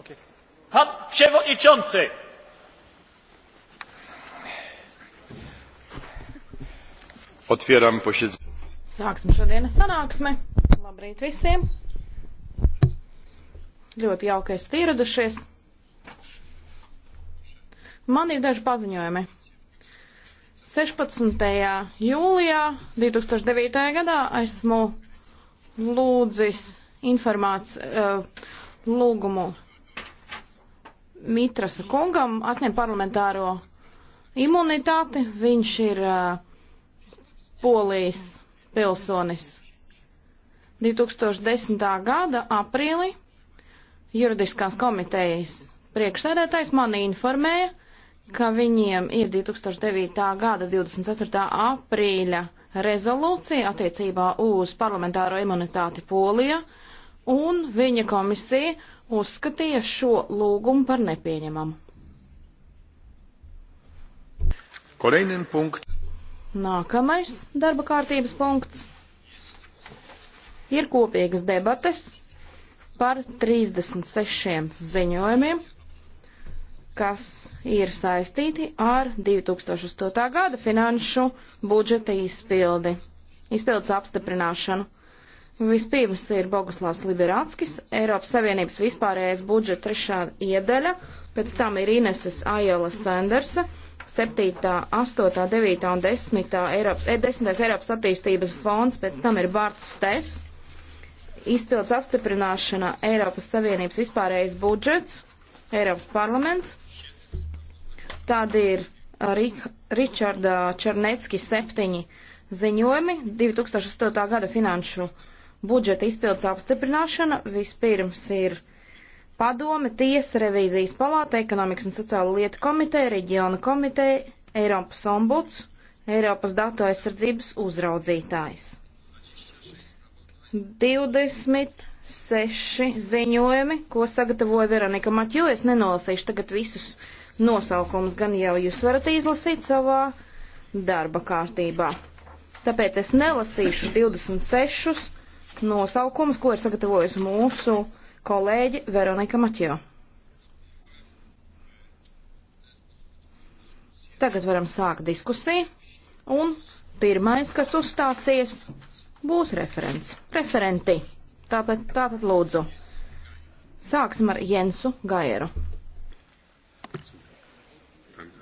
Okay. Pan przewodniczący! Otvieram posiedzenie. Sāksim šodienas sanāksmi. Labrīt visiem! Ļoti jauki esat ieradušies. Man ir daži paziņojumi. 16. jūlijā 2009. gadā esmu lūdzis informāciju, eh, lūgumu Mitrasa kungam atņem parlamentāro imunitāti. Viņš ir uh, polijas pilsonis. 2010. gada aprīlī juridiskās komitejas priekšsēdētājs mani informēja, ka viņiem ir 2009. gada 24. aprīļa rezolūcija attiecībā uz parlamentāro imunitāti Polija, un viņa komisija uzskatīja šo lūgumu par nepieņemamu. Nākamais darba kārtības punkts ir kopīgas debates par 36 ziņojumiem, kas ir saistīti ar 2008. gada finanšu budžeta izpildi, izpildes apstiprināšanu. Vispirms ir Boguslavs Liberāckis, Eiropas Savienības vispārējais budžeta trešā iedaļa, pēc tam ir Ineses Ajala Sandersa, 7., 8., 9. un 10. Eiropas, 10. Eh, Eiropas attīstības fonds, pēc tam ir Bārts Stes, izpildes apstiprināšana Eiropas Savienības vispārējais budžets, Eiropas parlaments, tad ir eh, Rik, Ričarda Černecki 7 ziņojumi 2008. gada finanšu budžeta izpildes apstiprināšana vispirms ir padome, tiesa, revīzijas palāta, ekonomikas un sociāla lieta komiteja, reģiona komiteja, Eiropas ombuds, Eiropas datu aizsardzības uzraudzītājs. 26 ziņojumi, ko sagatavoja Veronika Matjo. Es nenolasīšu tagad visus nosaukumus, gan jau jūs varat izlasīt savā darba kārtībā. Tāpēc es nelasīšu 26 nosaukums, ko ir sagatavojusi mūsu kolēģi Veronika Maķio. Tagad varam sākt diskusiju, un pirmais, kas uzstāsies, būs referents. Referenti. Tātad, tātad lūdzu. Sāksim ar Jensu Gajeru.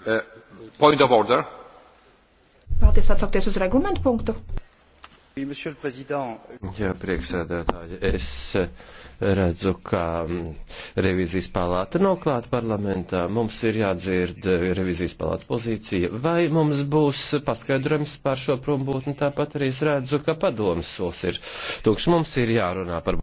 Uh, eh, point of order. Vēlties atsaukties uz reglamentu punktu? Jā, priekšsēdētāji, es eh, redzu, ka mm, revizijas palāta nav klāta parlamentā. Mums ir jādzird eh, revizijas palātas pozīcija. Vai mums būs paskaidrojums par šo prombūtni? Tāpat arī es redzu, ka padomas solis ir tukšs. Mums ir jārunā par.